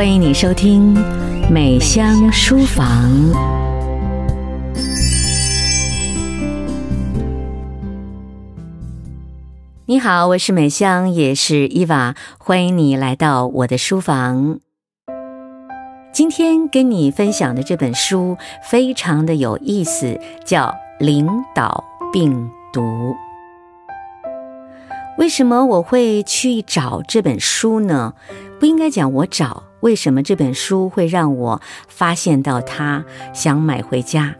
歡迎你收聽美香書房。你好，我是美香，也是伊娃。歡迎你來到我的書房。今天跟你分享的這本書非常的有意思，叫《領導病毒》。為什麼我會去找這本書呢？不應該講我找。為什麼這本書會讓我發現到它想買回家？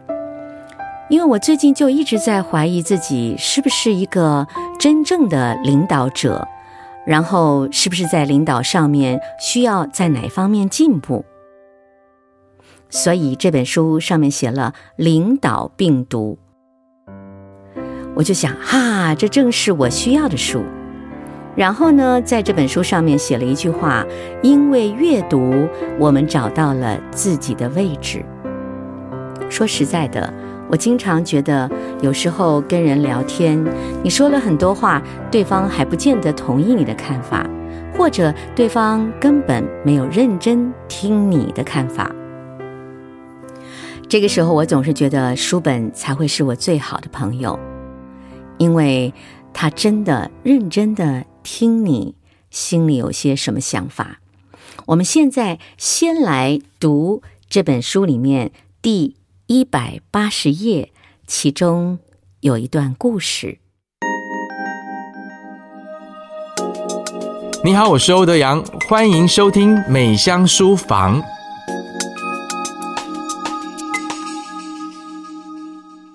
因為我最近就一直在懷疑自己是不是一個真正的領導者，然後是不是在領導上面需要在哪方面進步？所以這本書上面寫了“領導病毒”，我就想，哈，這正是我需要的書。然後呢，在這本書上面寫了一句話：“因為閱讀，我們找到了自己的位置。”說實在的，我經常覺得，有時候跟人聊天，你說了很多話，對方還不見得同意你的看法，或者對方根本沒有認真聽你的看法。這個時候，我總是覺得書本才會是我最好的朋友，因為他真的認真的。聽你心裡有些什麼想法。我們現在先來讀這本書裡面第一百八十頁，其中有一段故事。你好，我是歐德陽，歡迎收聽美香書房。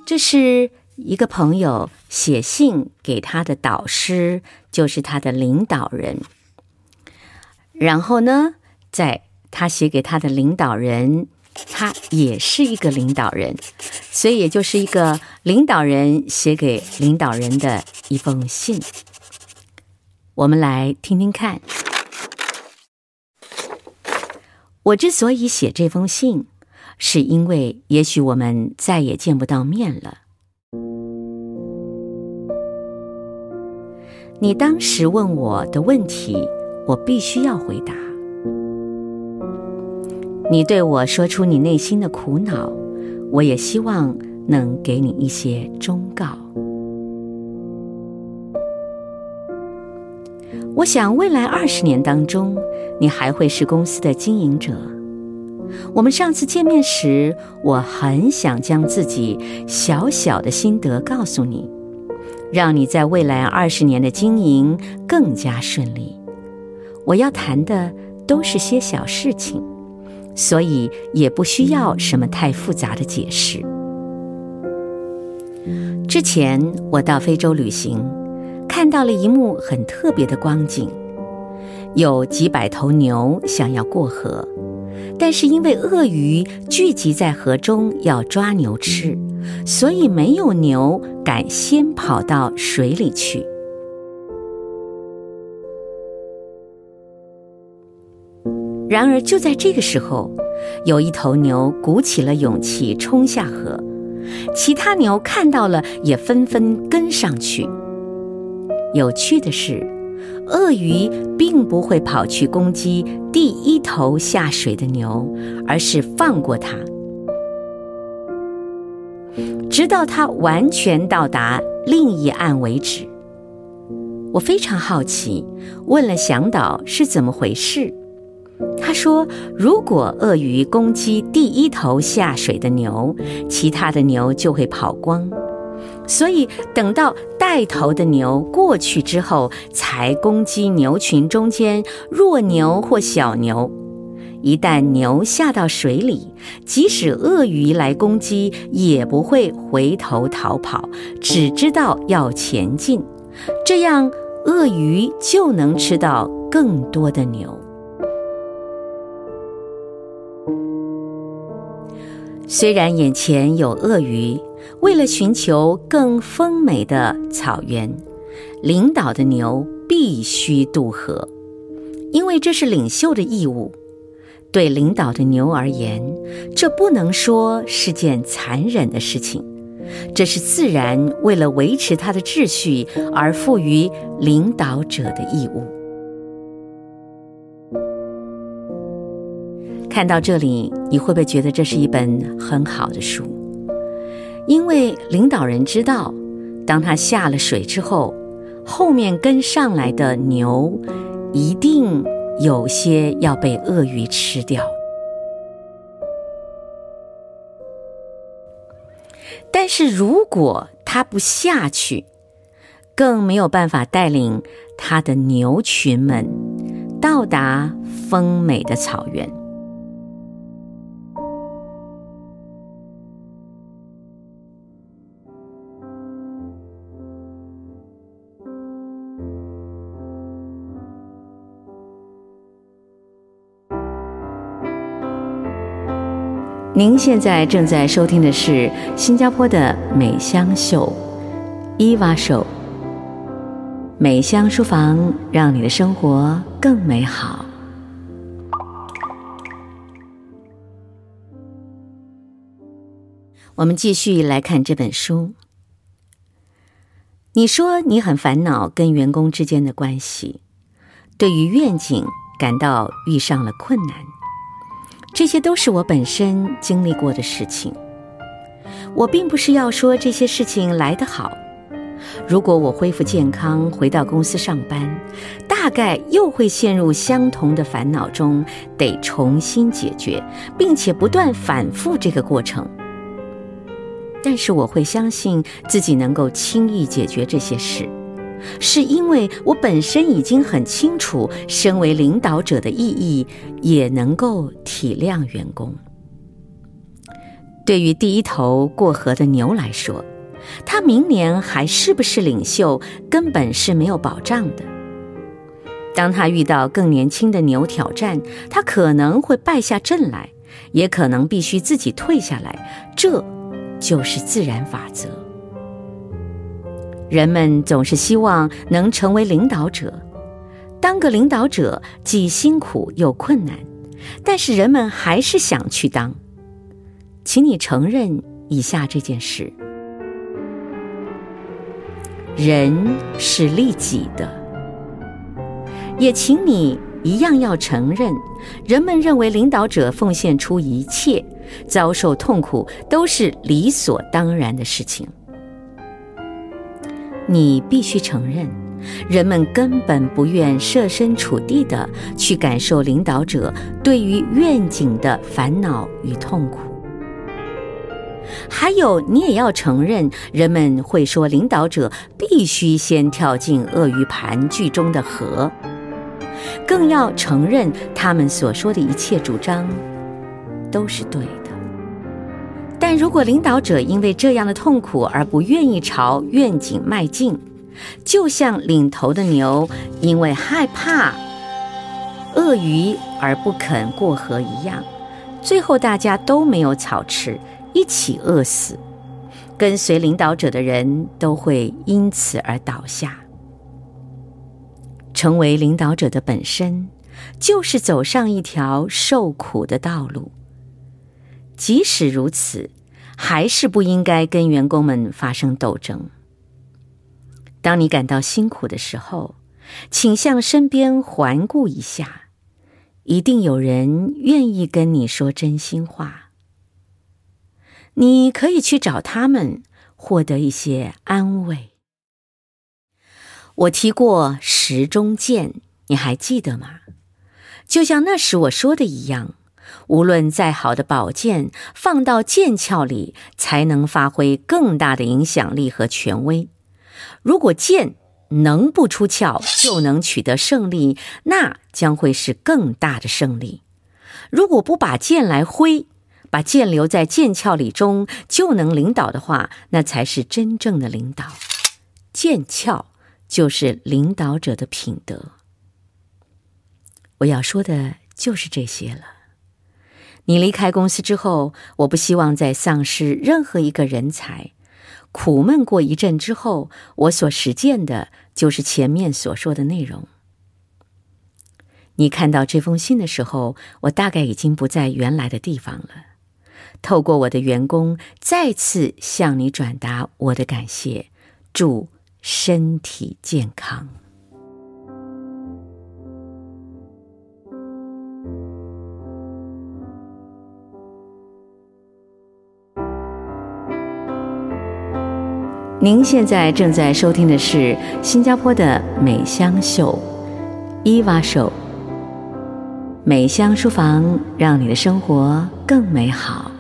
這是。一個朋友寫信給他的導師，就是他的領導人。然後呢，在他寫給他的領導人，他也是一個領導人，所以也就是一個領導人寫給領導人的一封信。我們來聽聽看。我之所以寫這封信，是因為也許我們再也見不到面了。你當時問我的問題，我必須要回答。你對我說出你內心的苦惱，我也希望能給你一些忠告。我想未來二十年當中，你還會是公司的經營者。我們上次見面時，我很想將自己小小的心得告訴你。讓你在未來二十年的經營更加順利。我要談的都是些小事情，所以也不需要什麼太複雜的解釋。之前我到非洲旅行，看到了一幕很特別的光景，有幾百頭牛想要過河。但是因為鱷魚聚集在河中要抓牛吃，所以沒有牛敢先跑到水裡去。然而就在這個時候，有一頭牛鼓起了勇氣衝下河，其他牛看到了也紛紛跟上去。有趣的是，鱷魚並不會跑去攻擊第一頭下水的牛，而是放過它，直到它完全到達另一岸為止。我非常好奇，問了向導是怎麼回事。他說，如果鱷魚攻擊第一頭下水的牛，其他的牛就會跑光。所以，等到帶頭的牛過去之後，才攻擊牛群中間弱牛或小牛。一旦牛下到水裡，即使鱷魚來攻擊，也不會回頭逃跑，只知道要前進。這樣，鱷魚就能吃到更多的牛。雖然眼前有鱷魚，為了尋求更豐美的草原，領導的牛必須渡河，因為這是領袖的義務。對領導的牛而言，這不能說是件殘忍的事情，這是自然為了維持它的秩序而賦予領導者的義務。看到這裡，你會不會覺得這是一本很好的書？因為領導人知道，當他下了水之後，後面跟上來的牛一定有些要被鱷魚吃掉。但是如果他不下去，更沒有辦法帶領他的牛群們到達豐美的草原。您現在正在收聽的是新加坡的美香秀，伊娃秀。美香書房，讓你的生活更美好。我們繼續來看這本書。你說你很煩惱跟員工之間的關係，對於願景感到遇上了困難。這些都是我本身經歷過的事情。我並不是要說這些事情來得好。如果我恢復健康，回到公司上班，大概又會陷入相同的煩惱中，得重新解決，並且不斷反覆這個過程。但是我會相信自己能夠輕易解決這些事。是因為我本身已經很清楚，身為領導者的意義，也能夠體諒員工。對於第一頭過河的牛來說，他明年還是不是領袖，根本是沒有保障的。當他遇到更年輕的牛挑戰，他可能會敗下陣來，也可能必須自己退下來。這就是自然法則。人們總是希望能成為領導者，當個領導者既辛苦又困難，但是人們還是想去當。請你承認以下這件事：人是利己的。也請你一樣要承認，人們認為領導者奉獻出一切、遭受痛苦都是理所當然的事情。你必須承認，人們根本不願設身處地的去感受領導者對於願景的煩惱與痛苦。還有，你也要承認，人們會說領導者必須先跳進鱷魚盤踞中的河，更要承認他們所說的一切主張都是對。但如果領導者因為這樣的痛苦而不願意朝願景邁進，就像領頭的牛因為害怕鱷魚而不肯過河一樣，最後大家都沒有草吃，一起餓死。跟隨領導者的人都會因此而倒下。成為領導者的本身，就是走上一條受苦的道路。即使如此。還是不應該跟員工們發生鬥爭。當你感到辛苦的時候，請向身邊環顧一下，一定有人願意跟你說真心話。你可以去找他們，獲得一些安慰。我提過石中劍，你還記得嗎？就像那時我說的一樣。無論再好的寶劍，放到劍鞘裡才能發揮更大的影響力和權威。如果劍能不出鞘就能取得勝利，那將會是更大的勝利。如果不把劍來揮，把劍留在劍鞘裡中就能領導的話，那才是真正的領導。劍鞘就是領導者的品德。我要說的就是這些了。你離開公司之後，我不希望再喪失任何一個人才。苦悶過一陣之後，我所實踐的就是前面所說的內容。你看到這封信的時候，我大概已經不在原來的地方了。透過我的員工再次向你轉達我的感謝，祝身體健康。您現在正在收聽的是新加坡的美香秀伊娃秀。美香書房，讓你的生活更美好。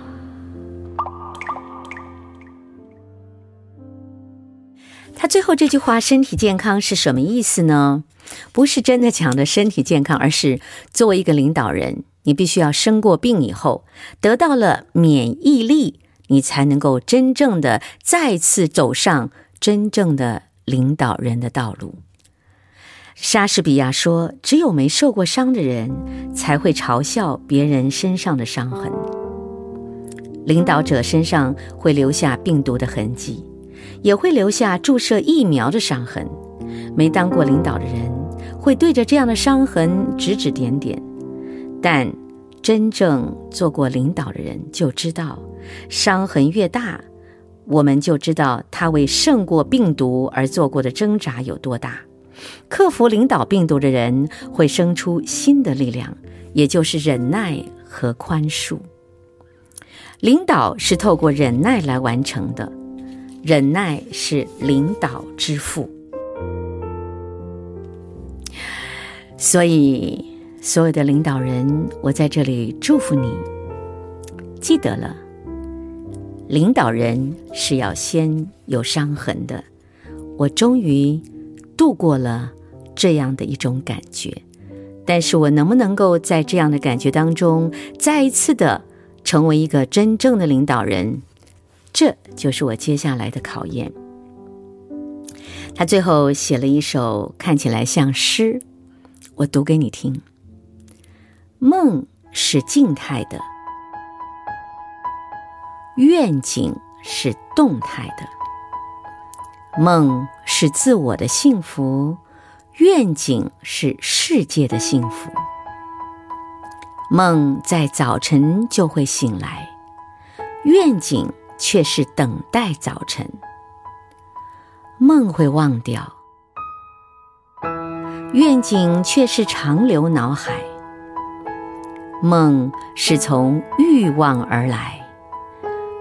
他最後這句話“身體健康”是什麼意思呢？不是真的講的“身體健康”，而是作為一個領導人，你必須要生過病以後，得到了免疫力。你才能夠真正的再次走上真正的領導人的道路。莎士比亞說：“只有沒受過傷的人才會嘲笑別人身上的傷痕。領導者身上會留下病毒的痕跡，也會留下注射疫苗的傷痕。沒當過領導的人會對着這樣的傷痕指指點點，但。”真正做過領導的人就知道，傷痕越大，我們就知道他為勝過病毒而做過的掙扎有多大。克服領導病毒的人會生出新的力量，也就是忍耐和寬恕。領導是透過忍耐來完成的，忍耐是領導之父。所以。所有的領導人，我在這裡祝福你。記得了，領導人是要先有傷痕的。我終於度過了這樣的一種感覺，但是我能不能夠在這樣的感覺當中再一次的成為一個真正的領導人，這就是我接下來的考驗。他最後寫了一首看起來像詩，我讀給你聽。夢是靜態的，願景是動態的。夢是自我的幸福，願景是世界的幸福。夢在早晨就會醒來，願景卻是等待早晨。夢會忘掉，願景卻是長留腦海。夢是從慾望而來，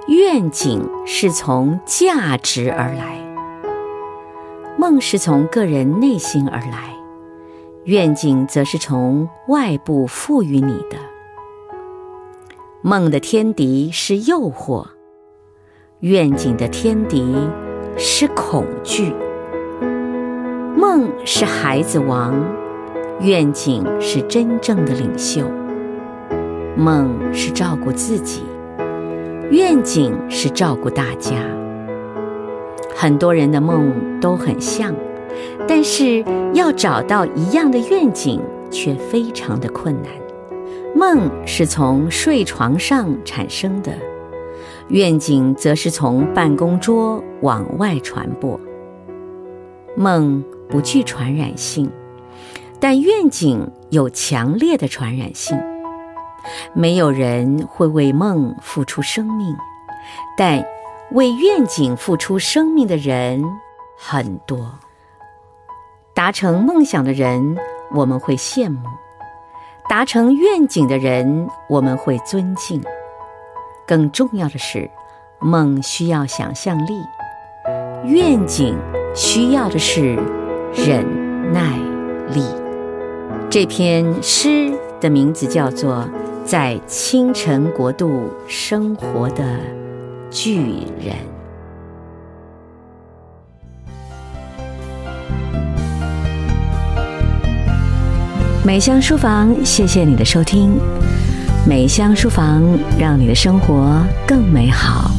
願景是從價值而來。夢是從個人內心而來，願景則是從外部賦予你的。夢的天敵是誘惑，願景的天敵是恐懼。夢是孩子王，願景是真正的領袖。夢是照顧自己，願景是照顧大家。很多人的夢都很像，但是要找到一樣的願景卻非常的困難。夢是從睡床上產生的，願景則是從辦公桌往外傳播。夢不具傳染性，但願景有強烈的傳染性。沒有人會為夢付出生命，但為願景付出生命的人很多。達成夢想的人，我們會羨慕；達成願景的人，我們會尊敬。更重要的是，夢需要想象力，願景需要的是忍耐力。這篇詩的名字叫做。在清晨國度生活的巨人。美香書房，謝謝你的收聽。美香書房，讓你的生活更美好。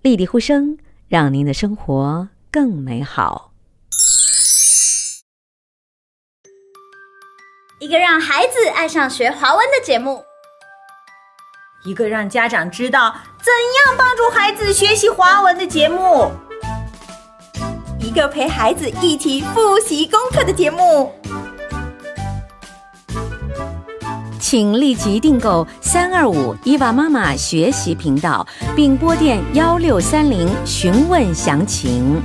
立麗呼聲，讓您的生活更美好。一個讓孩子愛上學華文的節目，一個讓家長知道怎樣幫助孩子學習華文的節目，一個陪孩子一起複習功課的節目，請立即訂購三二五伊娃媽媽學習頻道，並撥電幺六三零詢問詳情。